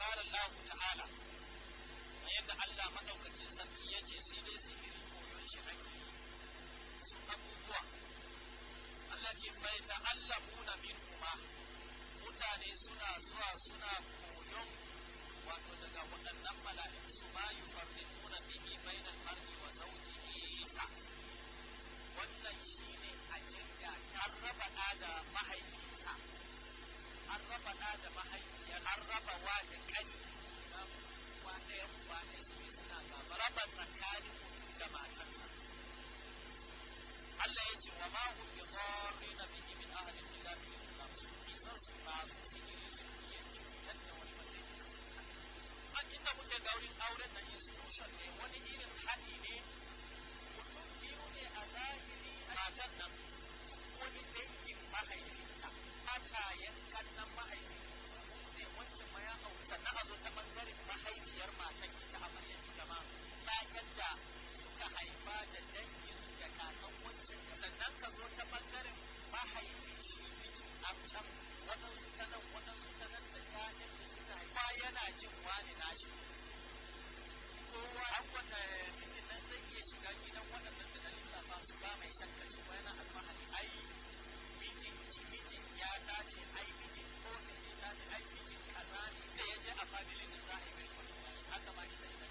قال الله تعالى yadda Allah maɗaukacin sarki ya ce sai dai sihiri koyon shi ake yi su abubuwa Allah ce fai ta'allamuna min kuma mutane suna zuwa suna koyon wato daga waɗannan mala'in su ma yi farfinuna bihi bainan mar'i wa zauji isa wannan shi ne a jirga ta raba da mahaifinsa an raba ɗa da mahaifiyar an raba wa da kani wa ɗaya uba ɗaya su ne suna gaba raba tsakanin mutum da matarsa Allah ya ce wa ma hum bi dharrin bihi min ahadin illa bi idhnillah su kisan su ba su sigiri su iya cutar da wani ba sai an inda muke gaurin auren na institution ne wani irin haɗi ne mutum biyu ne a zahiri a matan nan wani dangin mahaifinta mata yankan nan mahaifi ne wancan ma ya auri sannan a zo ta bangaren mahaifiyar matan ita amarya ita ma ɗayan da suka haifa da dangin su da kakan wancan sannan ka zo ta bangaren mahaifin shi mijin amcan waɗansu ta nan waɗansu ta nan da ta da suka haifa yana jin wani nashi kowa an wanda mijin nan zai iya shiga gidan waɗannan da na lissafa su ba mai shakka shi yana alfahari ai shi mijin ya tace ai mijin ko sai ya tace ai mijin kaza ne sai ya je a familin da za a yi mai haka ma ita ita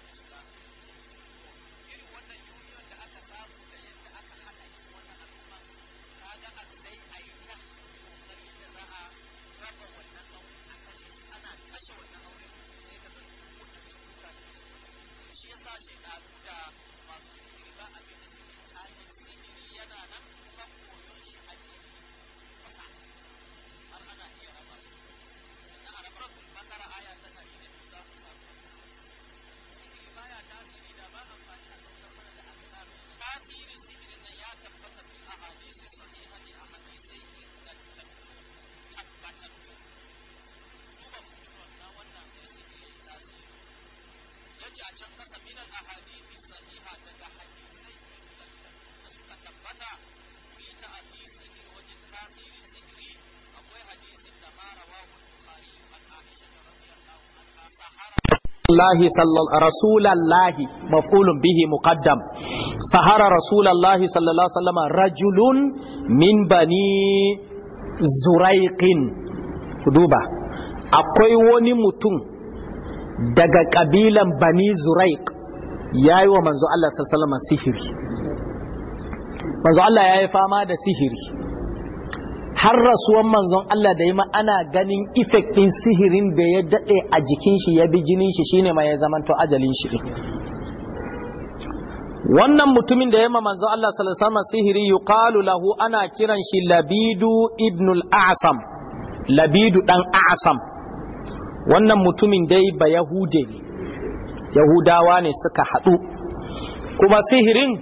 cacan masa minan ahadithi sahiha daga hadisai da suka tabbata fi ta'adi sihir wajen tasirin sihiri akwai hadisin da ma rawahu bukhari an aisha radiyallahu anha sahara الله صلى رسول الله مفعول به مقدم سهر رسول الله صلى الله عليه وسلم رجل من بني زريق دوبا akwai wani mutum daga kabilan bani zuraik ya yi wa manzo Allah sallama sihiri manzo Allah ya yi fama da sihiri har rasuwan manzon Allah da yi ana ganin effect ɗin sihirin da ya daɗe a jikin shi ya bi jinin shi shine ma ya zamanto ajalin shi wannan mutumin da ya ma Manzo Allah sallallahu alaihi sihiri yuqalu lahu ana kiran shi Labidu Ibnul asam Labidu dan A'sam wannan mutumin dai ba yahude ne yahudawa ne suka haɗu kuma sihirin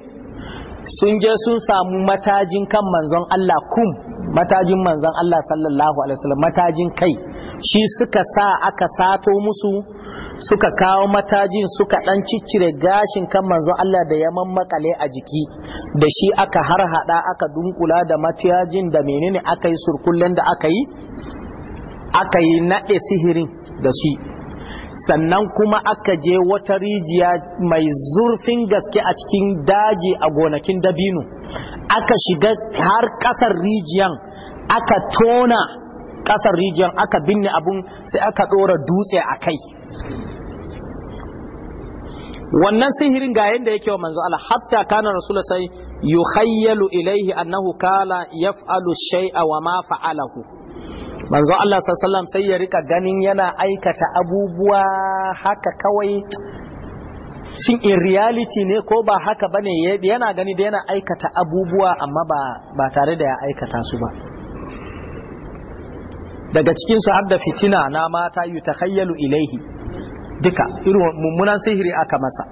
sun je sun samu matajin kan manzon Allah kum matajin manzon Allah sallallahu alaihi wasallam matajin kai shi suka sa aka sato musu suka kawo matajin suka dan ciccire gashin kan manzon Allah da ya mammakale a jiki da shi aka har harhaɗa aka dunkula da matajin da menene aka yi surkullen da aka yi aka yi naɗe sihirin da shi sannan kuma aka je wata rijiya mai zurfin gaske a cikin daji a gonakin dabino aka shiga har kasar rijiyan aka tona kasar rijiyan aka binne abun sai aka dora dutse a kai wannan sihirin ga yadda yake wa manzo Allah hatta kana rasulullah sai yukhayyalu ilaihi annahu kala yaf'alu shay'a wa ma fa'alahu manzo Allah sallallahu sai ya rika ganin yana aikata abubuwa haka kawai shin in reality ne ko ba haka bane yana gani da yana aikata abubuwa amma ba ba tare da ya aikata su ba daga cikin su da fitina na mata yutakhayyalu ilaihi duka irin mummunan sihiri aka masa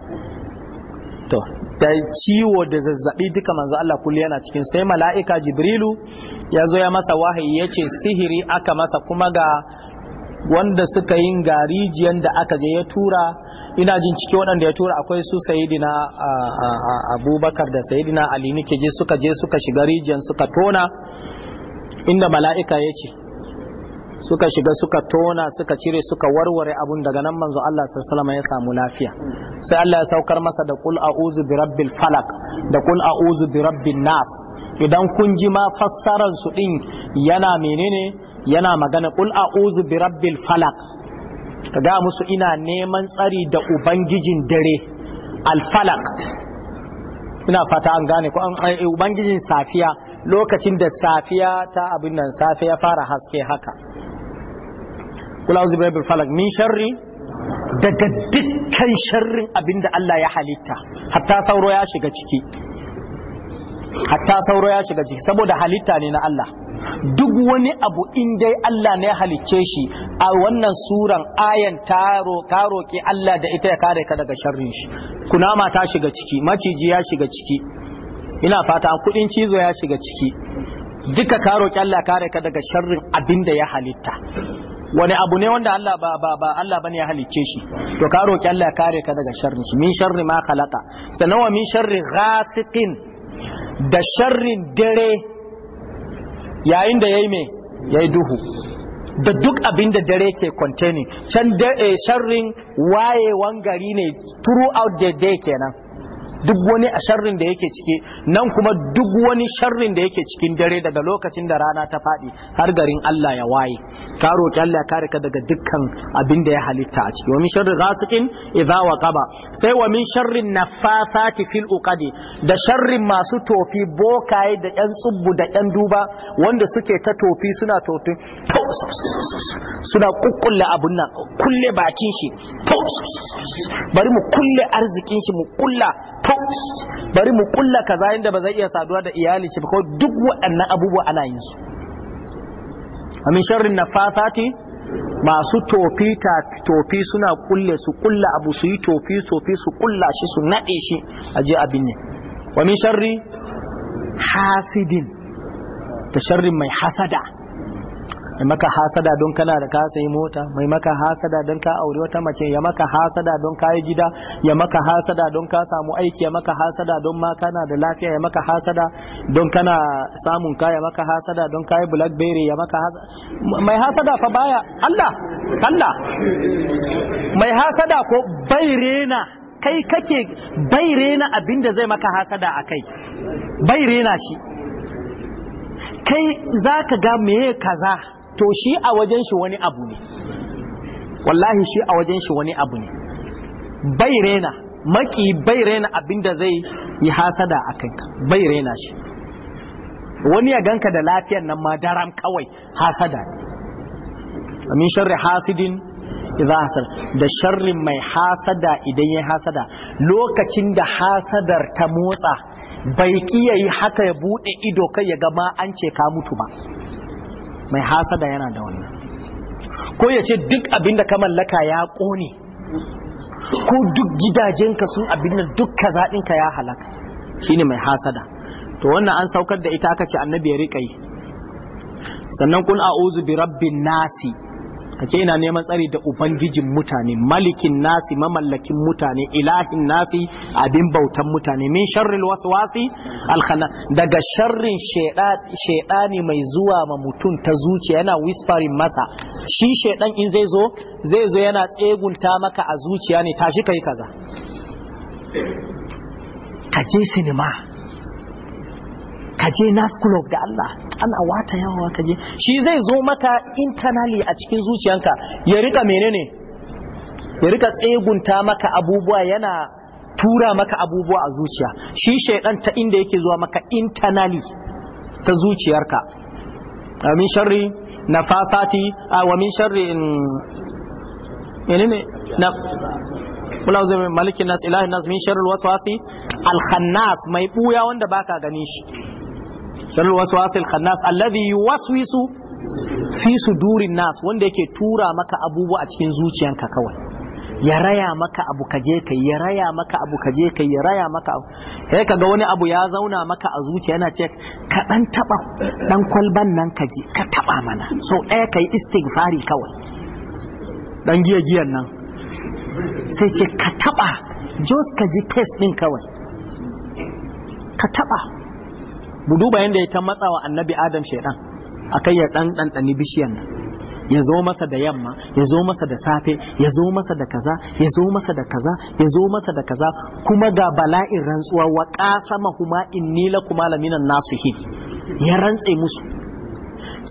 to da ciwo da zazzabi duka manzo Allah kullu yana cikin sai mala'ika jibrilu ya zo ya masa wahayi ya ce sihiri aka masa kuma ga wanda suka yin garijiyan da aka je ya tura ina jin ciki waɗanda ya tura akwai su sayidina abubakar da sayidina ali nike je suka je suka shiga rijiyan suka tona inda mala'ika ya ce suka shiga suka tona suka cire suka warware abun daga nan manzo Allah sallallahu ya samu lafiya sai Allah ya saukar masa da kul a'udhu bi rabbil falak da kul a'udhu bi rabbin nas idan kun ji ma fassaran su din yana menene yana magana kul a'udhu bi rabbil falaq kaga musu ina neman tsari da ubangijin dare al falak ina fata an gane ko an ubangijin safiya lokacin da safiya ta abin nan safiya fara haske haka kula uzu bai falak min sharri daga dukkan sharrin abinda Allah ya halitta hatta sauro ya shiga ciki hatta sauro ya shiga ciki saboda halitta ne na Allah duk wani abu in dai Allah ne halicce shi a wannan suran ayan taro ka roki Allah da ita ya kare ka daga sharrin shi kunama ta shiga ciki maciji ya shiga ciki ina fata kudin cizo ya shiga ciki duka ka roki Allah kare ka daga sharrin abin da ya halitta wani abu ne wanda Allah ba ba ba Allah bane ya halicce shi to ka roki Allah ya kare ka daga sharrin shi min sharri ma khalaqa sannan min sharri ghasiqin da sharrin dare yayin da yayi me yayi duhu da duk abin da dare ke containing can eh, sharrin wayewan gari ne throughout the day kenan duk wani a sharrin da yake ciki nan kuma duk wani sharrin da yake cikin dare daga lokacin da rana ta faɗi har garin Allah ya waye ka roki Allah kare ka daga dukkan abin da ya halitta a ciki wa min sharri ghasiqin idza waqaba sai wa min sharri nafathati fil uqadi da sharrin masu tofi bokaye da yan tsubbu da yan duba wanda suke ta tofi suna tofi suna kukkulle abun nan kulle bakin shi bari mu kulle arzikin shi mu kulla to bari mu kulla kaza inda ba zai iya saduwa da iyali shi ba ko duk waɗannan abubuwa ana yin su amin sharrin nafasati masu tofi tofi suna kulle su kulla abu su yi tofi tofi su kulla shi su naɗe shi a je abin ne wa min sharri hasidin da sharrin mai hasada mai maka hasada don kana da ka sayi mota mai maka hasada don ka aure wata mace ya maka hasada don ka yi gida ya maka hasada don ka samu aiki ya maka hasada don ma kana da lafiya ya maka hasada don kana samun ka ya maka hasada don ka yi blackberry ya maka hasada mai hasada fa baya Allah Allah mai hasada ko bai rena kai kake bai rena abinda zai maka hasada a kai bai rena shi kai za ka ga meye kaza to shi a wajen shi wani abu ne wallahi shi a wajen shi wani abu ne bai rena maki bai rena abinda zai yi hasada a kanka bai rena shi wani ya ganka da lafiyar nan ma daram kawai hasada ne. amin sharri hasidin idan hasad da sharrin mai hasada idan ya hasada lokacin da hasadar ta motsa bai kiyayi haka ya bude ido kai ya gama an ce ka mutu ba mai hasada yana da wannan ko ya ce duk abin da ka mallaka ya ƙone ko duk gidajenka sun abin da duk ka ya halaka shine mai hasada to wannan an saukar da ita aka ce annabi ya riƙa sannan kun a'uzu bi rabbin nasi ka ce ina neman tsari da ubangijin mutane malikin nasi mamallakin mutane ilahin nasi abin bautan mutane min sharril waswasi alkhana daga sharrin shedani mai zuwa ma mutum ta zuciya yana whispering masa shi shedan in zai zo zai zo yana tsegunta maka a zuciya ne tashi kai kaza ka je sinima ka je nas club da Allah ana wata yawa ka je shi zai zo maka internally a cikin zuciyanka ya rika menene ya rika tsegunta maka abubuwa yana tura maka abubuwa a zuciya shi shaidan ta inda yake zuwa maka internally ta zuciyarka amin sharri nafasati a wa min sharri in mm, menene na kula zai malikin nas ilahin nas min sharri waswasi al khannas mai buya wanda baka gani shi sanar waswasil khannas alladhi yuwaswisu fi sudurin nas wanda yake tura maka abubuwa a cikin zuciyanka kawai ya raya maka abu kaje kai ya raya maka abu kaje kai ya raya maka abu sai kaga wani abu ya zauna maka a zuciya yana ce ka dan taba dan kwalban nan kaje ka taba mana so ɗaya kai istighfari kawai dan giya giyan nan sai ce ka taba just ka ji test din kawai ka taba mu duba yadda ya ta matsawa annabi adam shaidan akai ya dan ɗanɗani bishiyan nan ya zo masa da yamma ya zo masa da safe ya zo masa da kaza ya zo masa da kaza ya zo masa da kaza kuma ga bala'in rantsuwa wa qasama huma inni lakuma laminan nasihin ya rantse musu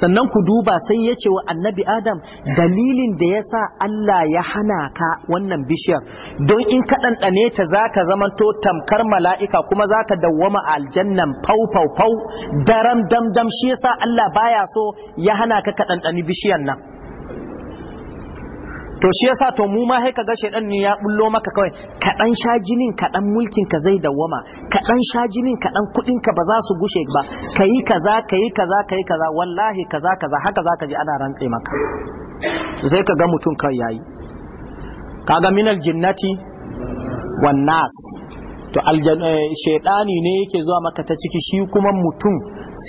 sannan ku duba sai ya ce wa annabi adam dalilin da ya sa Allah ya hana ka wannan bishiyar don in ka ɗanɗane ta za ka zamanto tamkar mala'ika kuma za ka dawwama aljannan fau fau fau daram dam dam shi sa Allah baya so ya hana ka ka ɗanɗani bishiyar nan to shi yasa to mu ma sai kaga shedan ne ya bullo maka kawai ka dan sha jinin ka dan mulkin ka zai dawwama ka dan sha jinin ka dan kudin ka ba za su gushe ba kayi kaza kai kaza kai kaza wallahi kaza kaza haka zaka ji ana rantse maka sai kaga mutun kai yayi kaga minal jinnati wan nas to eh, shedani ne yake zuwa maka ta ciki shi kuma mutum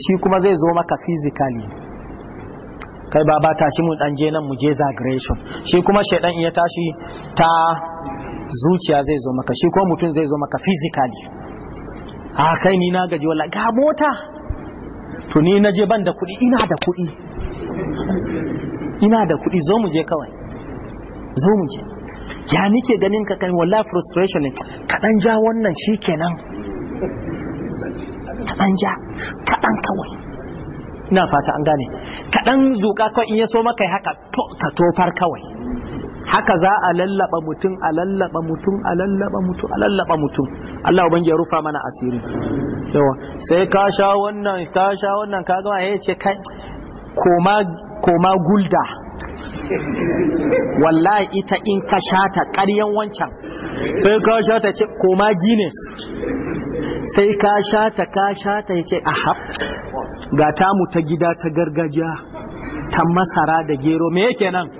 shi kuma zai zo maka physically kai baba tashi mu dan je nan mu je zagration shi kuma shaidan ya tashi ta zuciya zai zo maka shi kuma mutum zai zo maka physically a kai ni na gaji wala ga mota to ni na je ban da kuɗi ina da kuɗi ina da kuɗi zo mu je kawai zo mu je ya nike ganin ka kai wallahi frustration ne kaɗan ja wannan shi kenan kaɗan ja kaɗan kawai ina fata an gane kaɗan zuƙa kawai in ya so maka haka ka tofar kawai haka za a lallaba mutum a lallaba mutum a lallaba mutum a lallaba mutum Allah ubangi ya rufa mana asiri yawa sai ka sha wannan ka sha wannan ka gama ya ce kai koma koma gulda wallahi ita in ka shata ƙaryan wancan sai ka shata ce koma guinness sai ka shata ka shata ya ce ahab ga tamu ta gida ta gargajiya ta masara da gero me yake nan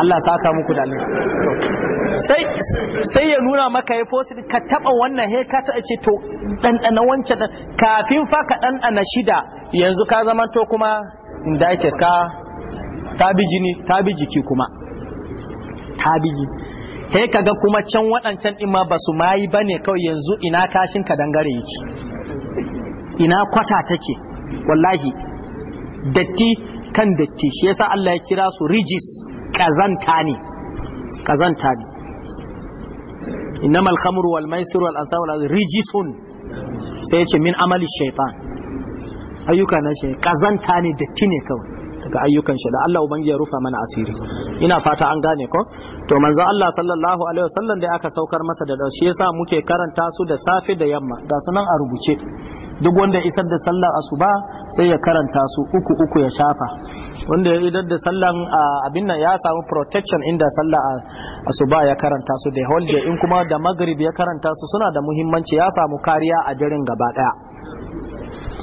Allah saka muku da sai sai ya nuna maka ya fosil ka taba wannan he ka ta ce to ɗanɗana wancan kafin fa ka ɗanɗana shida yanzu ka zama to kuma inda yake ka ta bi jini ta jiki kuma ta bi he kaga kuma can waɗancan ɗin ma ba su mayi ba ne kawai yanzu ina kashin ka dangare yake ina kwata take wallahi datti kan datti shi yasa Allah ya kira su rijis kazanta ne kazanta ne innamal khamru wal maisir wal ansab wal rijisun sai yace min amali shaytan ayyuka na shi kazanta ne datti ne kawai ga ayyukan shi da Allah ubangiji ya rufa mana asiri ina fata an gane ko to manzo Allah sallallahu alaihi wasallam da aka saukar masa da shi yasa muke karanta su da safe da yamma ga sunan a rubuce duk wanda isar da sallar asuba sai ya karanta su uku uku ya shafa wanda idan da sallan abin nan ya samu protection inda sallar asuba ya karanta su da whole in kuma da magrib ya karanta su suna da muhimmanci ya samu kariya a daren gaba daya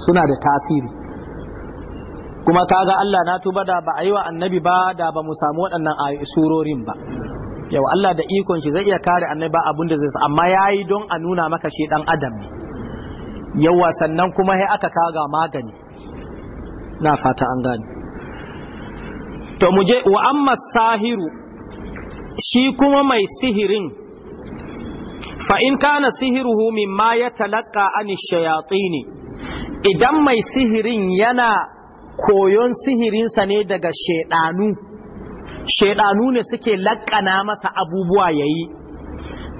suna da tasiri kuma kaga Allah na tuba da ba a yi wa annabi ba da ba mu samu waɗannan surorin ba yau Allah da ikon shi zai iya kare annabi ba abin da zai sa amma ya yi don a nuna maka shi dan adam ne yawa sannan kuma sai aka kaga magani na fata an gane to muje je wa amma sahiru shi kuma mai sihirin fa in kana sihiruhu mimma yatalaqqa shayatsi ne. idan mai sihirin yana koyon sihirinsa ne daga shaidanu shaidanu ne suke laƙana masa abubuwa yayi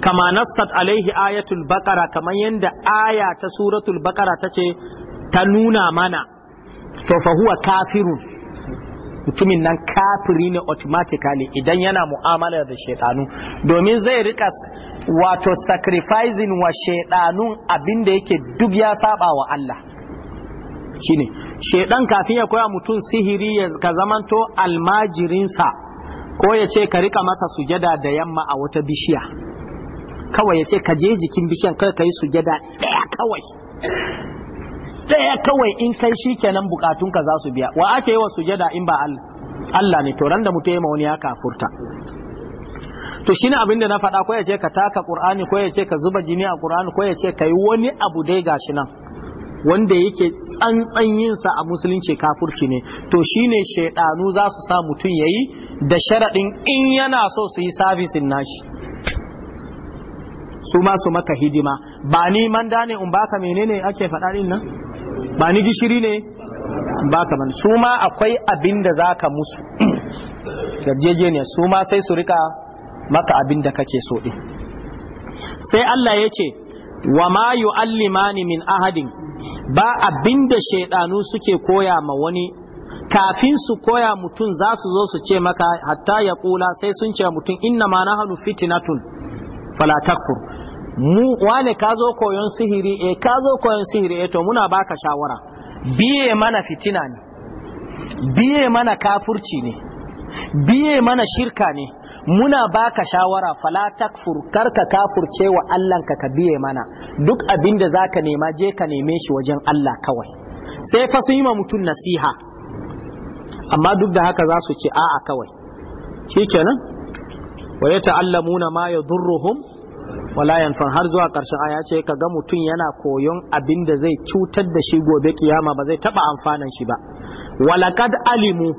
kama nassat alaihi ayatul baqara kamar yadda aya ta suratul baqara tace ta nuna mana to fa huwa kafirun mutumin nan kafiri ne automatically idan yana mu'amala da shaidanu domin zai rika wato sacrificing wa shaidanun abinda yake duk ya saba wa Allah shine shedan kafin ya koya mutum sihiri ya ka zamanto almajirinsa ko ya ce ka rika masa sujada da yamma a wata bishiya kawai ya ce ka je jikin bishiyan kai ka yi sujada ɗaya kawai ɗaya kawai in kai shi kenan bukatunka za su biya wa ake yi wa sujada in ba Allah ne to ran da mutum ya ma wani ya kafurta to shi ne abin da na faɗa ko ya ce ka taka ƙur'ani ko ya ce ka zuba jini a ƙur'ani ko ya ce ka yi wani abu dai gashi nan wanda yake tsantsan yin sa a musulunci kafurci ne to shine shaidanu za su sa mutum yayi da sharadin in yana so su yi servicing nashi su ma su maka hidima ba ni manda ne in baka menene ake faɗa din nan ba ni gishiri ne baka man su ma akwai abin da zaka musu ne su ma sai su rika maka abin da kake so din sai Allah ya ce wa ma yu'allimani min ahadin ba abinda shaidanu suke koya ma wani kafin su koya mutum za su zo su ce maka hatta ya kula sai sun ce mutum inna ma nahnu fitnatun fala takfur mu wane ka zo koyon sihiri eh ka zo koyon sihiri eh to muna baka shawara biye mana fitina ne biye mana kafurci ne biye mana shirka ne muna baka shawara fala takfur karka kafurce wa Allah ka ka biye mana duk abin da zaka nema je ka neme shi wajen Allah kawai sai fa su yi ma mutum nasiha amma duk da haka za su ce a'a kawai shikenan wa yata'allamuna ma yadhurruhum wala yanfan har zuwa karshen aya ce ka ga mutum yana koyon abin da zai cutar da shi gobe kiyama ba zai taba amfanan shi ba walakad alimu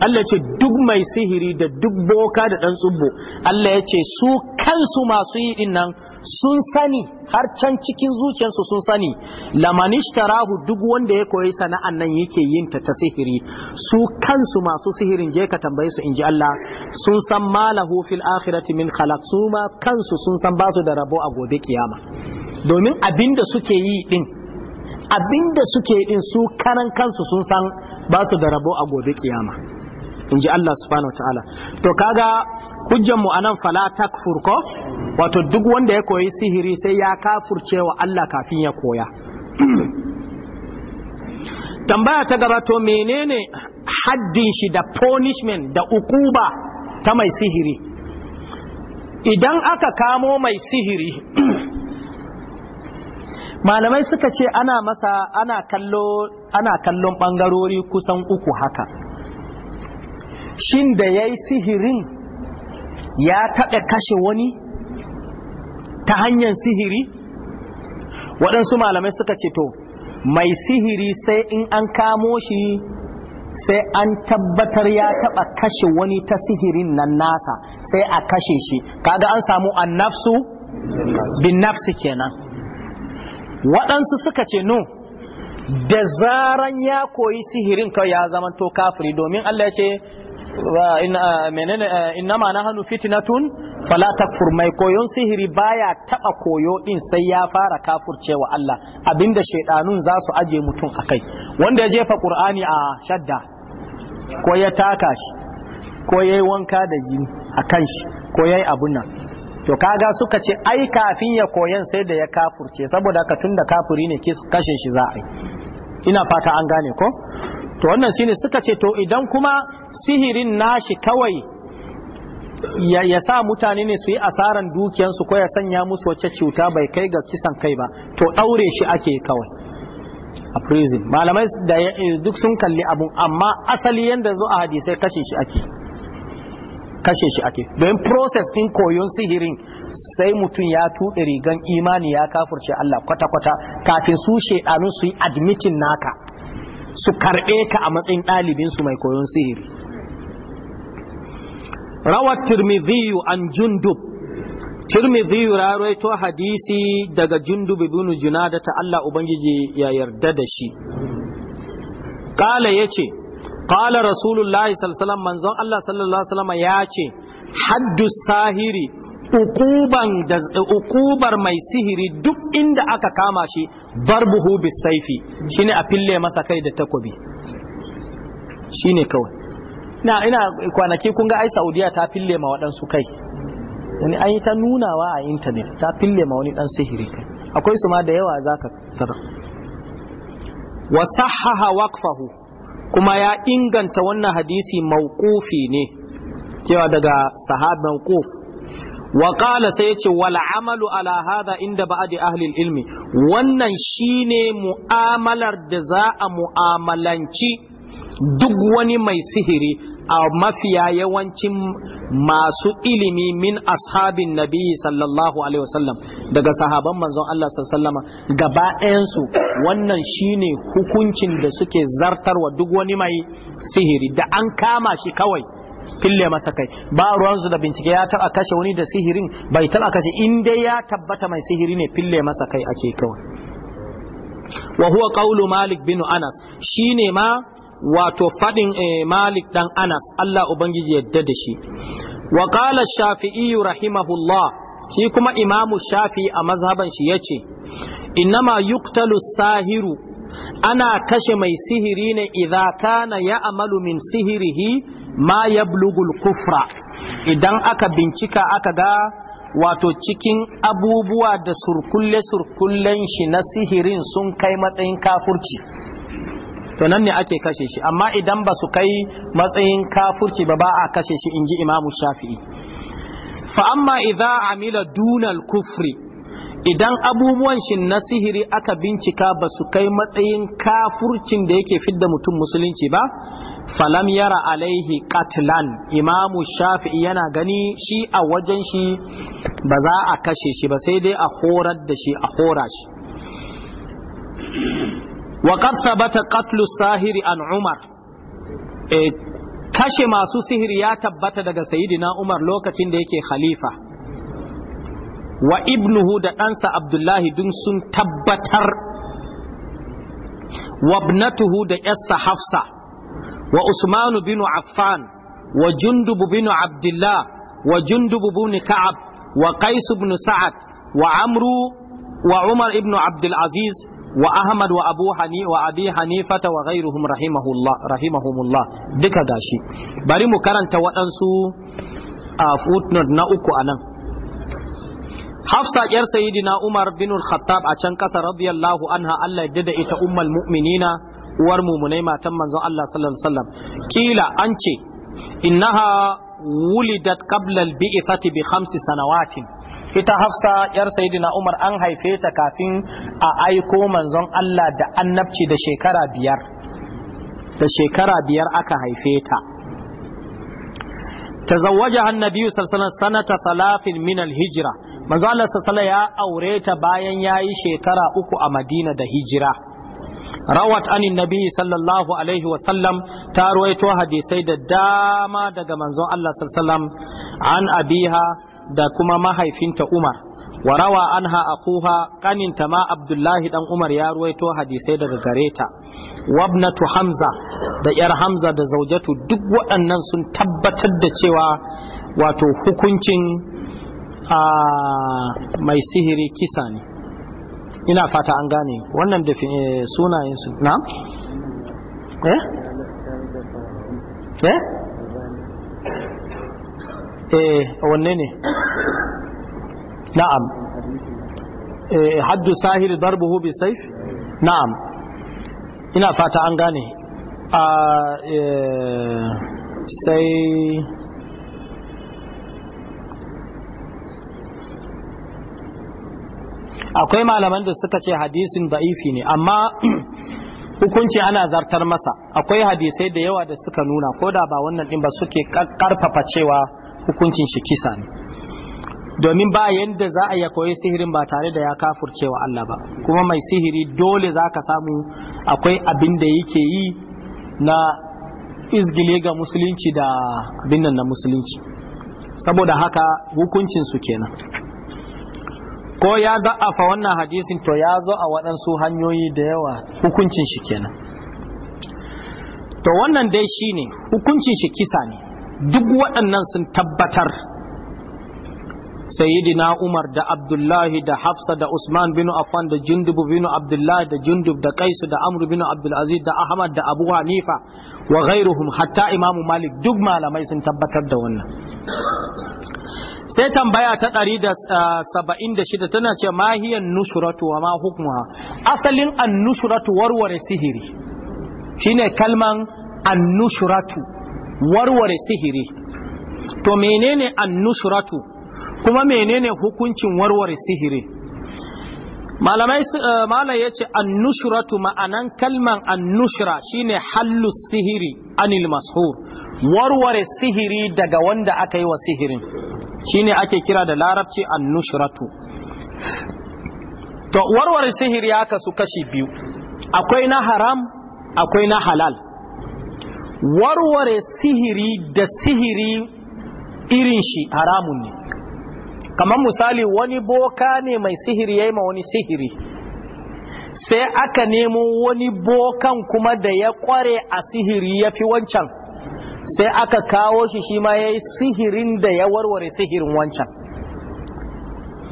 Allah ce duk mai sihiri da duk boka da dan tsubbo Allah ya ce su kansu masu yi din nan sun sani har can cikin zuciyarsu sun sani lamanishtarahu duk wanda ya koyi sana'an nan yake yin ta ta sihiri su kansu masu sihirin je ka tambaye su inji Allah sun san malahu fil akhirati min khalaq su ma kansu sun san basu da rabo a gobe kiyama domin abinda suke yi din abinda suke din su karan kansu sun san ba su da rabo a gobe kiyama in ji Allah subhanahu wa ta'ala to kaga hujjan mu anan fala takfur ko wato duk wanda ya koyi sihiri sai ya kafurce wa Allah kafin ya koya tambaya ta gaba to menene haddin shi da punishment da ukuba ta mai sihiri idan aka kamo mai sihiri malamai suka ce ana masa ana kallo kallon bangarori kusan uku haka shin da yayi sihirin ya taɓa kashe wani ta hanyar sihiri waɗansu malamai suka ce to mai sihiri sai in an kamo shi sai an tabbatar ya taɓa kashe wani ta sihirin nan nasa sai a kashe shi kaga an samu annafsu bin nafsi kenan waɗansu suka ce no da zaran ya koyi sihirin kawai ya zama to kafiri domin Allah ya ce inna ma na hannu fala takfur mai koyon sihiri baya taba koyo din sai ya fara kafurcewa Allah abinda shaidanun za su aje mutum akai wanda ya jefa ƙur'ani a shadda ko ya taka shi ko ya yi wanka da jini kan shi ko yayi abun nan to kaga suka ce ai kafin ya koyan sai da ya kafurce saboda haka tunda kafuri ne kashe shi za a yi ina fata an gane ko to wannan shine suka ce to idan kuma sihirin nashi kawai ya, ya sa mutane ne su yi asaran dukiyansu ko ya sanya musu wace cuta bai kai ga kisan kai ba to daure shi ake kawai a prison malamai da duk sun kalli abun amma asali yanda zo a hadisai kashe shi ake kashe shi ake don process din koyon sihirin sai mutum ya tuɗe rigan imani ya kafurce Allah kwata-kwata kafin su shaidanun su admitin naka su karɓe ka a matsayin su mai koyon sihiri rawar tirmidhiyu an jundub tirmidhiyu rawaito hadisi daga jundub ibn junada ta Allah ubangiji ya yarda da shi qala yace qala rasulullahi sallallahu manzon Allah sallallahu alaihi wasallam ya ce haddu sahiri ukuban da ukubar mai sihiri duk inda aka kama shi darbuhu bis saifi shine a fille masa kai da takobi shine kawai na ina kwanaki kun ga ai Saudiya ta fille ma waɗansu kai wani an yi ta nunawa a intanet ta fille ma wani dan sihiri kai akwai su ma da yawa za ka tara wa sahaha waqfahu kuma ya inganta wannan hadisi mawqufi ne cewa daga sahab mawquf wa qala sai yace wal amalu ala hadha inda ba'di ahli ilmi wannan shine mu'amalar da za a mu'amalanci duk wani mai sihiri a mafiya yawancin masu ilimi min ashabin nabi sallallahu alaihi wasallam daga sahaban manzon Allah sallallahu gaba ɗayansu wannan shine hukuncin da suke zartarwa duk wani mai sihiri da an kama shi kawai fille masa kai ba ruwansu da bincike ya taɓa kashe wani da sihirin bai taɓa kashe in dai ya tabbata mai sihiri ne fille masa kai ake kawai wa huwa qawlu malik bin anas shine ma wato faɗin eh, malik ɗan anas Allah ubangiji yadda da shi wa qala shafi'i rahimahullah shi kuma imamu shafi a mazhaban shi yace innama yuqtalu sahiru ana kashe mai sihiri ne idza kana amalu min sihirihi ma yablugul kufra idan aka bincika aka ga wato cikin abubuwa da surkulle-surkullen shi na sihirin sun kai matsayin kafurci to nan ne ake kashe shi amma idan ba su kai matsayin kafurci ba ba a kashe shi inji imamu shafi'i fa amma idza amila dunal kufri idan abubuwan shi na sihiri aka bincika ba su kai matsayin kafurcin da yake fidda mutum musulunci ba falam yara alaihi katlan imamu shafi'i yana gani shi a wajen shi ba za a kashe shi ba sai dai a horar da shi a hora shi wa qad sabata qatlu sahiri an umar e, kashe masu sihiri ya tabbata daga sayyidina umar lokacin da yake khalifa wa ibnuhu da ɗansa abdullahi dun sun tabbatar wa ibnatuhu da yarsa hafsa wa usmanu binu Afan wa jundubu binu abdullah wa jundubu binu ka'ab wa qais ibn sa'ad wa amru wa umar ibnu abdul aziz wa Ahmad wa Abu Hani wa Abi Hanifata wa ghairuhum rahimahullah rahimahumullah duka gashi bari mu karanta waɗansu a footnote na uku anan Hafsa yar sayyidina Umar bin Khattab a can kasa radiyallahu anha Allah ya da ita ummul mu'minina uwar mumunai matan manzon Allah sallallahu alaihi wasallam kila an ce innaha wulidat qabla al-bi'fati bi khamsi sanawatin ita hafsa yar sayyidina umar an haife ta kafin a aiko manzon Allah da annabci da shekara biyar da shekara biyar aka haife ta tazawwaja annabi sallallahu alaihi sanata salafin min alhijra manzo Allah sallallahu ya aure ta bayan yayi shekara uku a Madina da hijira rawat anin nabi sallallahu alaihi wasallam ta ruwaito hadisai da dama daga manzon Allah sallallahu an abiha da kuma mahaifinta Umar wa rawa anha akuha kaninta ma Abdullahi dan Umar ya ruwaito hadisai daga gareta wabnatu Hamza da yar Hamza da zaujatu duk waɗannan sun tabbatar da cewa wato hukuncin mai sihiri kisa ne ina fata an gane wannan da eh, sunayensu na? eh? eh? Eh, wanne ne na'am eh, haddu sahir darbuhu bi sayf na'am ina fata an gane a ah, eh, sai akwai malaman da suka ce hadisin da'ifi ne amma hukunci ana zartar masa akwai hadisai da yawa da suka nuna ko da ba wannan ɗin ba suke karfafa cewa hukuncin shi kisa ne domin ba yadda za a ya koyi sihirin ba tare da ya kafurcewa Allah ba kuma mai sihiri dole za ka samu akwai abin da yake yi na izgile ga musulunci da abin nan na musulunci saboda haka hukuncin su kenan ko ya da'afa wannan hadisin to ya zo a waɗansu hanyoyi da yawa hukuncin shi kenan to wannan dai shi ne hukuncin shi kisa ne duk waɗannan sun tabbatar sayyidina umar da abdullahi da hafsa da usman bin affan da Jindubu bin abdullahi da jundub da kaisu da amru bin abdulaziz da ahmad da abu hanifa wa ghairuhum hatta imamu malik duk malamai sun tabbatar da wannan sai tambaya ta ah, shida tana ce mahiyan nushuratu wa ma hukmuha asalin an nushuratu warware sihiri shine kalman an nushuratu. warware sihiri to menene annushratu kuma menene hukuncin warware sihiri malamai eh, malai yace annushratu ma'anan kalman annushra shine hallu sihiri anil mashur warware sihiri daga wanda aka yi wa sihirin shine ake kira da larabci annushratu to warware sihiri ya su kashi biyu akwai na haram akwai na halal warware sihiri da sihiri irin shi haramun ne kamar misali wani boka ne mai sihiri ya yi ma wani sihiri sai aka nemo wani bokan kuma da ya kware a sihiri ya fi wancan sai aka kawo shi shi ma ya yi sihirin da ya warware sihirin wancan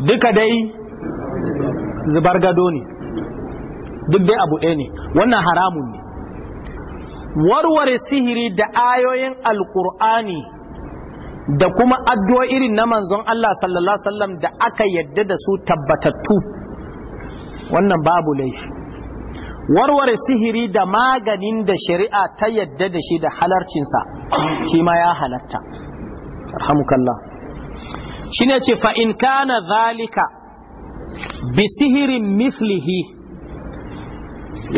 duka dai zubar gado ne duk dai abu ɗaya ne wannan haramun ne warware sihiri da ayoyin alkur'ani da kuma addu'o irin na manzon Allah sallallahu alaihi wasallam da aka yadda da su tabbatattu wannan babu laifi warware sihiri da maganin da shari'a ta yadda da shi da halarcinsa shi ma ya halatta shi ya ce fa in kana zalika bi sihirin mislihi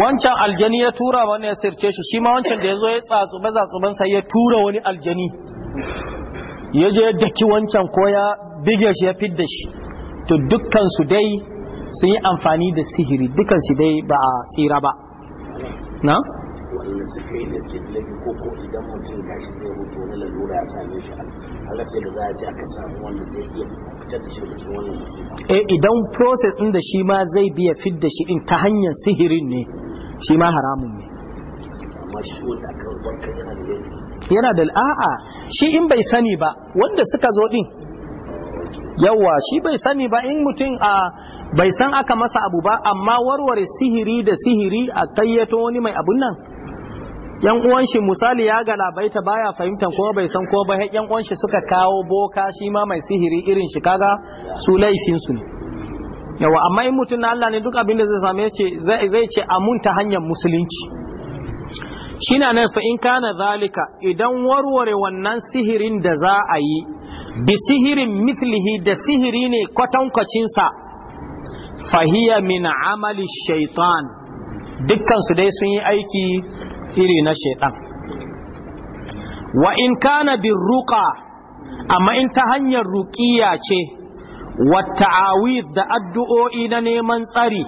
wancan aljani ya tura wani ya sirce shi shi ma wancan da ya zo ya tsatsuba zatsuban sai ya tura wani aljani ya je daki wancan ko ya bige shi ya fidda shi to dukkan su dai sun yi amfani da sihiri dukkan su dai ba a tsira ba na wannan su kai da suke da ko ko idan mutum gashi zai mutu wani lalura ya same shi Allah sai da za a ce aka samu wanda zai iya e idan process din da shi ma zai biya fidda shi in ta hanyar sihirin ne shi ma haramun ne yana da a'a shi in bai sani ba wanda suka zo din yawa shi bai sani ba in mutum a bai san aka masa abu ba amma warware sihiri da sihiri a kayyato wani mai abun nan yan uwan shi misali ya galabaita baya fahimtan ko bai san ko ba yan uwan shi suka kawo boka shi ma mai sihiri irin shi kaga su laifin su ne yawa amma in mutum na Allah ne duk abin da zai same ce zai ce amun ta hanyar musulunci shine nan fa in kana zalika idan warware wannan sihirin da za a yi bi sihirin mislihi da sihiri ne kwatankwacin sa fahiya min amali shaitan dukkan su dai sun yi aiki iri na shaitan wa in kana bin ruqa amma in ta hanyar Ruƙiya ce wa ta'awid da addu'o'i na neman tsari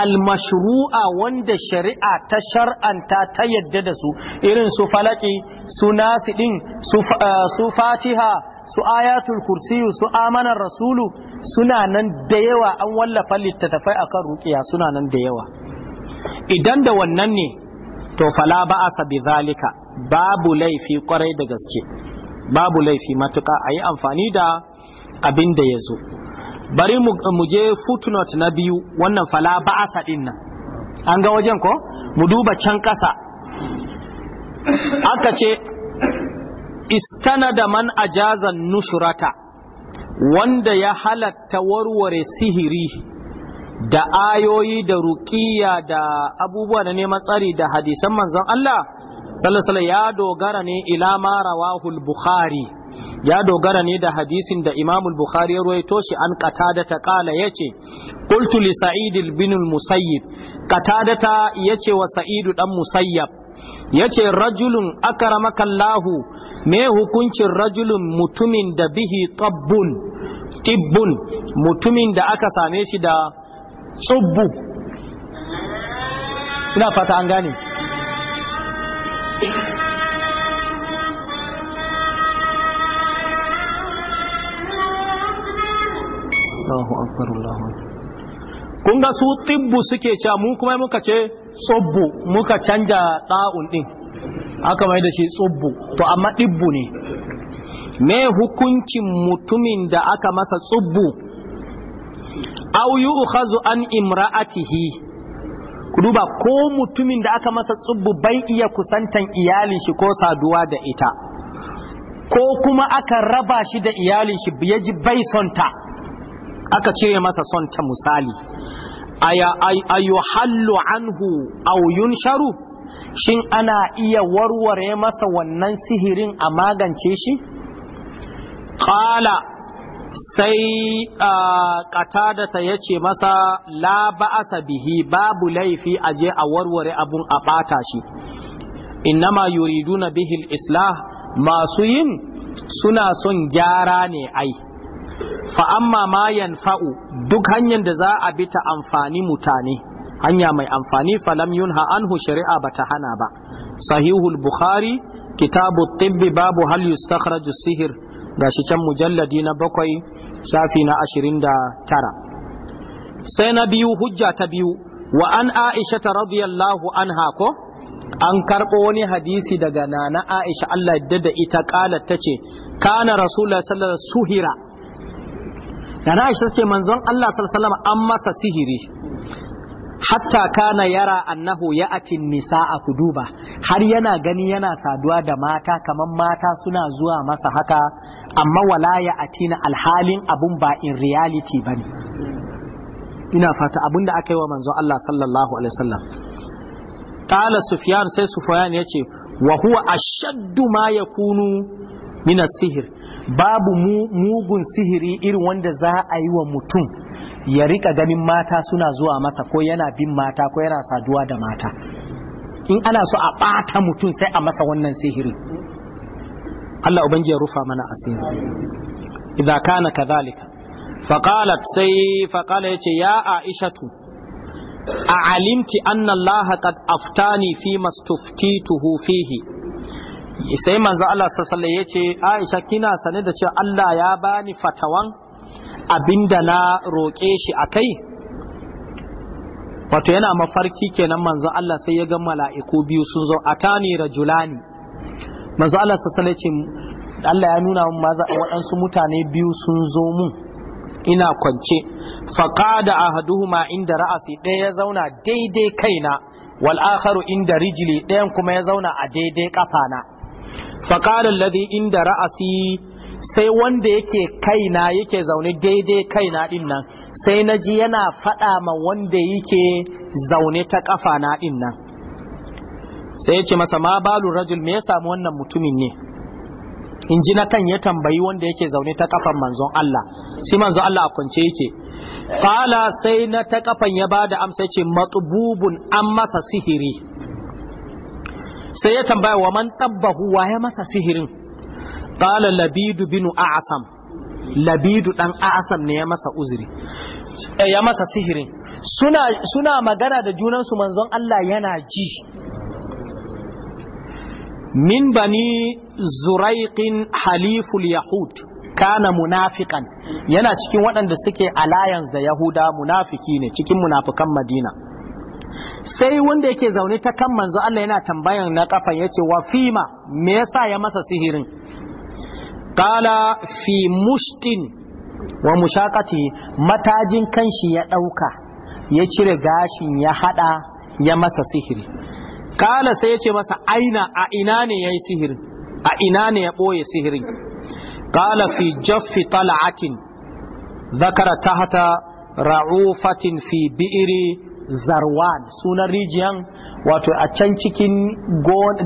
almashru'a wanda shari'a ta shar'anta ta yadda da su irin su falaki su Nasidin eh, su, fatiha su ayatul kursiyu su amanar rasulu suna nan da yawa an wallafa littattafai akan ruqiya suna nan da yawa idan da wannan ne to fala ba a bi zalika babu laifi kwarai da gaske babu laifi matuka a yi amfani da abin da ya zo bari mu je footnote na biyu wannan fala ba a din nan an ga wajen ko mu duba can ƙasa aka ce da man ajazan nushurata wanda ya halatta warware sihiri da ayoyi da ruqiyya da abubuwa na neman tsari da hadisan manzon Allah sallallahu ya dogara ne ila ma rawahul bukhari ya dogara ne da hadisin da imam bukhari ya ruwaito shi an qatada ta qala yace qultu li sa'id bin musayyib qatada ta yace wa sa'id dan musayyab yace rajulun akramaka Allah me hukuncin rajulun mutumin da bihi tabbun tibbun mutumin da aka same shi da tsubbu ina fata an gane Allahu akbar Allahu kun ga su tibbu suke cewa mu kuma muka ce tsubbu muka canja da'un din aka mai da shi tsubbu to amma dibbu ne me hukuncin mutumin da aka masa tsubbu au yu'khazu an imra'atihi ku duba ko mutumin da aka masa tsubbu bai iya kusantan iyalin shi ko saduwa da ita ko kuma aka raba shi da iyalin shi ya ji bai sonta aka cire masa sonta misali ayu hallu anhu auyun yunsharu shin ana iya warware masa wannan sihirin a magance shi qala sai ƙatada ta ya ce masa la ba'asa bihi babu laifi a je a warware abun a ɓata shi innama yuriduna bihil islah masu yin suna son gyara ne ai fa amma ma yanfa'u duk hanyar da za a bi ta amfani mutane hanya mai amfani falam yunha anhu shari'a bata hana ba sahihul bukhari kitabu tibbi babu hal yustakhraju sihir gashi can mujalladi na bakwai shafi na ashirin da tara sai na biyu hujja ta biyu wa an aisha ta radiyallahu anha ko an karɓo wani hadisi daga nana aisha Allah yadda da ita ƙalar ta ce kana rasulullah sallallahu alaihi suhira na aisha ce manzon Allah sallallahu an masa sihiri hatta kana yara annahu ya nisa a kuduba har yana gani yana saduwa da mata kamar mata suna zuwa masa haka amma wala ya atina alhalin abun ba in reality ba ne ina fata abun da aka yi wa manzon Allah sallallahu alaihi wasallam qala sufyan sai sufyan yace wa huwa ashaddu ma yakunu min sihir babu mugun sihiri irin wanda za a yi wa mutum ya rika ganin mata suna zuwa masa ko yana bin mata ko yana saduwa da mata in ana so a ɓata mutum sai a masa wannan sihiri. Allah ubangiji ya rufa mana asiri idza kana kadhalika faqalat sai faqala yace ya aishatu a alimti anna Allah qad aftani fi mastuftituhu fihi sai manzo Allah sallallahu alaihi yace Aisha kina sane da cewa Allah ya bani fatawan abinda na roke shi akai wato yana mafarki kenan manzo Allah sai ya ga mala'iku biyu sun zo atani rajulani manzo Allah alaihi wasallam Allah ya nuna mun maza waɗansu mutane biyu sun zo mun ina kwance faqada ahaduhuma inda ra'asi ɗaya ya zauna daidai kaina wal akharu inda rijli ɗayan kuma ya zauna a daidai kafana faqala alladhi inda ra'asi sai wanda yake kaina yake zaune daidai kaina din nan sai na ji yana faɗa ma wanda yake zaune ta ƙafa na din nan sai ya ce masa ma balu rajul me ya samu wannan mutumin ne in ji na kan ya tambayi wanda yake zaune ta kafan manzon Allah shi manzon Allah a kwance yake Fala sai na ta kafan ya bada amsa yace matububun an masa sihiri sai ya tambaya wa man tabbahu wa ya masa sihirin qala labidu bin a'sam labidu dan a'sam ne ya masa uzuri ya masa sihirin suna suna magana da junan su manzon Allah yana ji min bani zuraiqin haliful yahud kana munafiqan yana cikin waɗanda suke alliance da yahuda munafiki ne cikin munafikan madina sai wanda yake zaune ta kan manzo Allah yana tambayan na kafan yace wa fima me yasa ya masa sihirin qala fi mushtin wa mushaqati matajin kanshi ya dauka ya cire gashin ya hada ya masa sihiri kala sai ya ce masa aina a ina ne yayi sihirin a ina ne ya boye sihirin kala fi jaffi tal'atin zakara tahta ra'ufatin fi bi'ri zarwan sunan rijiyan wato a can cikin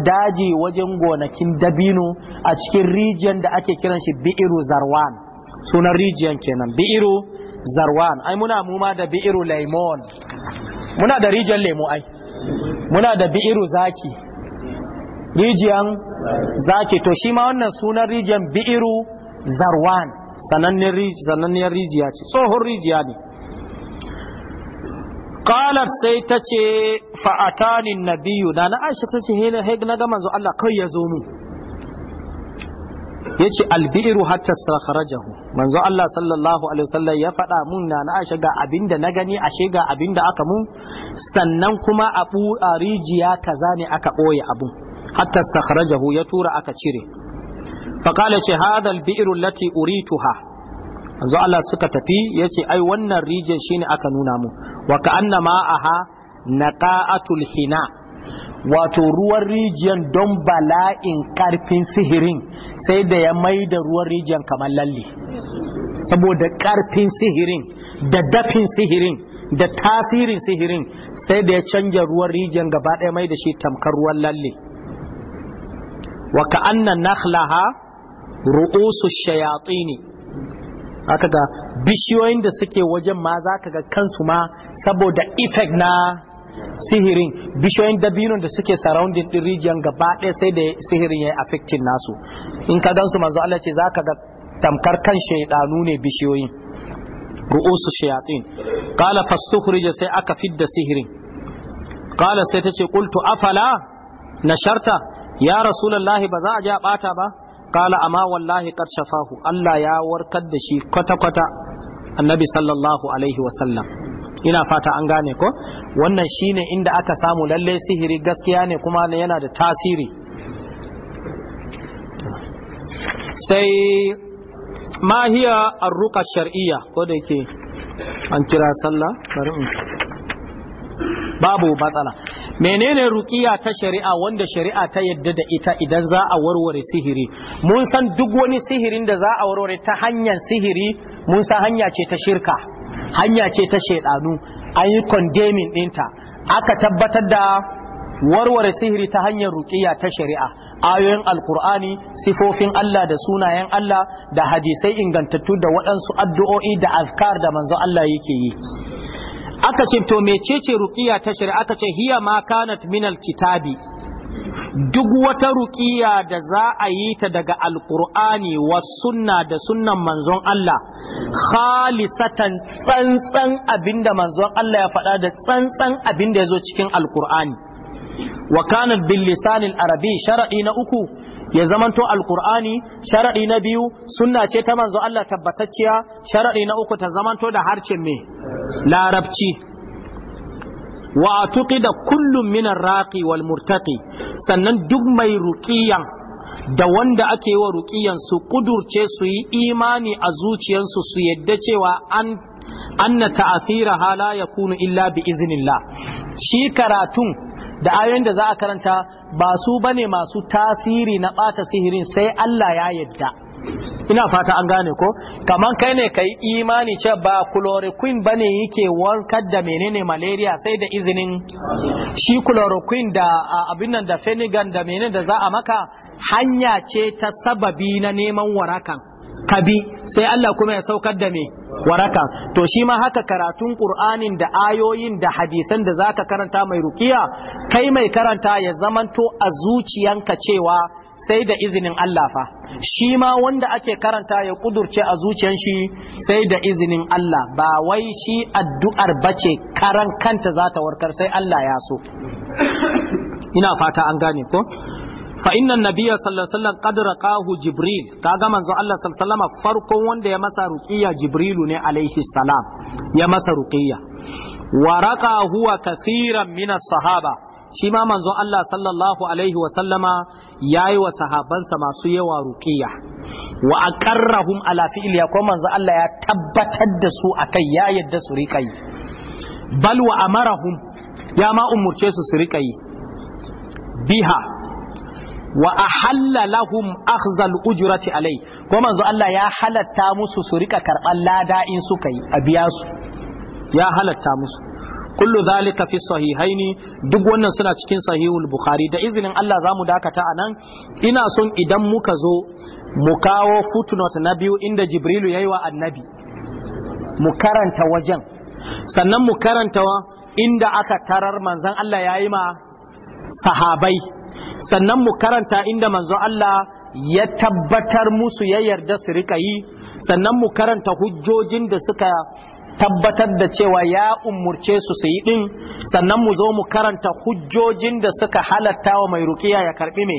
daji wajen gonakin dabino a cikin rijiyar da ake kiran shi bi'iru zarwan sunan rijiyar kenan bi'iru zarwan ai muna muma da bi'iru lemon muna da rijiyar lemo ai muna da bi'iru zaki rijiyar zaki to shi ma wannan sunan rijiyar bi'iru zarwan sananniyar rijiya ce tsohon rijiya ne qalat sai ta ce fa'atani nabiyyu da na aisha ta ce he na ga manzo Allah kai ya zo mu yace albiru hatta sakharajahu manzo Allah sallallahu alaihi wasallam ya faɗa mun na aisha ga abinda na gani ashe ga abinda aka mun sannan kuma abu rijiya kaza ne aka boye abu, hatta sakharajahu ya tura aka cire faqala ce hadha albiru allati urituha manzo Allah suka tafi yace ai wannan rijiyar shine aka nuna mu wa ka'anna ma aha naqa'atul hina wato ruwan rijiyar don bala'in karfin sihirin sai da ya mai da ruwan rijiyar kamar lalle saboda karfin sihirin da dafin sihirin da tasirin sihirin sai da ya canja ruwan rijiyar gaba ɗaya mai da shi tamkar ruwan lalle wa ka'anna nakhlaha ru'usu shayatini aka ga bishiyoyin da suke wajen ma za ka ga kansu ma saboda effect na sihirin bishiyoyin dabinon da suke surrounding din region gaba ɗaya sai da sihirin ya yi nasu in ka gansu manzo Allah ce za ka ga tamkar kan shaidanu ne bishiyoyin ru'usu shayatin qala fastukhrij sai aka da sihirin kala sai ta ce qultu afala nasharta ya rasulullahi ba za a je a bata ba qala amma wallahi qad shafahu Allah ya warkar da shi kwata kwata annabi sallallahu alaihi wasallam ina fata an gane ko wannan shine inda aka samu lalle sihiri gaskiya ne kuma yana da tasiri sai ma hiya arruqa shar'iyya ko da yake an kira sallah bari in babu matsala menene ruqiya ta shari'a wanda shari'a ta yadda da ita idan za a warware sihiri mun san duk wani sihirin da za a warware ta hanyar sihiri mun san hanya ce ta shirka hanya ce ta shedanu an yi condemning dinta aka tabbatar da warware sihiri ta hanyar ruqiya ta shari'a ayoyin alqur'ani sifofin Allah da sunayen Allah da hadisai ingantattu da waɗansu addu'o'i da azkar da manzo Allah yake yi aka ce to mecece ruqiya ta shari'a aka ce hiya ma kanat minal kitabi duk wata ruqiya da za a yi ta daga alqur'ani wa sunna da sunnan manzon Allah khalisatan tsantsan abinda manzon Allah ya faɗa da tsantsan abinda yazo cikin alqur'ani wa kanat bil lisanil arabi shar'i na uku ya zamanto alkur'ani sharadi na biyu sunna ce ta manzo Allah tabbatacciya sharadi na uku ta zamanto da harcin me larabci wa da kullum min arraqi wal murtaqi sannan duk mai ruqiyan da wanda ake wa ruqiyan su kudurce su yi imani a zuciyarsu su yadda cewa an anna ta'athira hala yakunu illa bi iznillah shi karatun da ayoyin da za a karanta ba su bane masu tasiri na bata sihirin sai Allah ya yadda ina fata an gane ko kaman kai ne kai imani ce ba chloroquine bane yake warkar da menene malaria sai da izinin shi chloroquine da abin nan da fenigan da menene da za a maka hanya ce ta sababi na neman warakan ka bi sai Allah kuma ya saukar da me waraka to shi ma haka karatun Qur'anin da ayoyin da hadisan da zaka karanta mai ruqiya kai mai karanta ya zamanto a zuciyanka cewa sai da izinin Allah fa shi ma wanda ake karanta ya kudurce a zuciyan shi sai da izinin Allah ba wai shi addu'ar bace karan kanta zata warkar sai Allah ya so ina fata an gane ko fa inna nabiyya sallallahu alaihi wasallam qad raqahu jibril kaga manzo Allah sallallahu alaihi farkon wanda ya masa ruqiyya jibrilu ne alaihi salam ya masa ruqiyya wa raqa huwa kaseeran min sahaba shi ma manzo Allah sallallahu alaihi wasallama yayi wa sahabansa masu yawa ruqiyya wa aqarrahum ala fi'li ya kuma manzo Allah ya tabbatar da su akai ya yadda su riƙayi bal wa amarahum ya ma umurce su su riƙayi biha wa ahallala hum akhzal ujurati alai ko manzo Allah ya halatta musu su rika karban lada in suka yi a biya su ya halatta musu kullu zalika fi sahihaini duk wannan suna cikin sahihul bukhari da izinin Allah zamu dakata anan ina son idan muka zo mu kawo footnote na biyu inda jibrilu yayi wa annabi mu karanta wajen sannan mu karanta inda aka tarar manzon Allah yayi ma sahabai sannan mu karanta inda manzo Allah ya tabbatar musu ya yarda su rika yi sannan mu karanta hujjojin da suka tabbatar da cewa ya umurce su su yi din sannan mu zo mu karanta hujjojin da suka halatta wa mai rukiya ya karbi me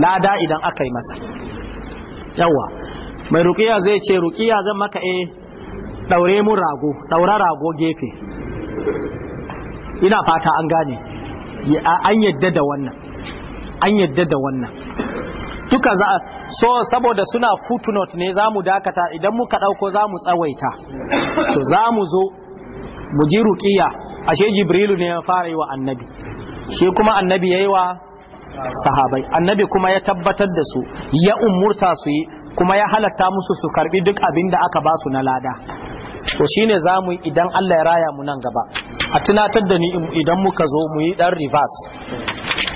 lada idan aka yi masa yawa mai rukiya zai ce rukiya zan maka eh daure mu rago daura rago gefe ina fata an gane an yadda da wannan an yadda da wannan duka za so saboda suna footnote ne zamu dakata idan muka dauko zamu tsawaita to zamu zo mu ji ruƙiya ashe jibrilu ne ya fara yi wa annabi shi kuma annabi ya wa sahabai annabi kuma ya tabbatar da su ya umurta su kuma ya halatta musu su karbi duk abin da aka ba su na lada to shine zamu idan Allah ya raya mu nan gaba a tunatar da ni idan muka zo mu yi dan reverse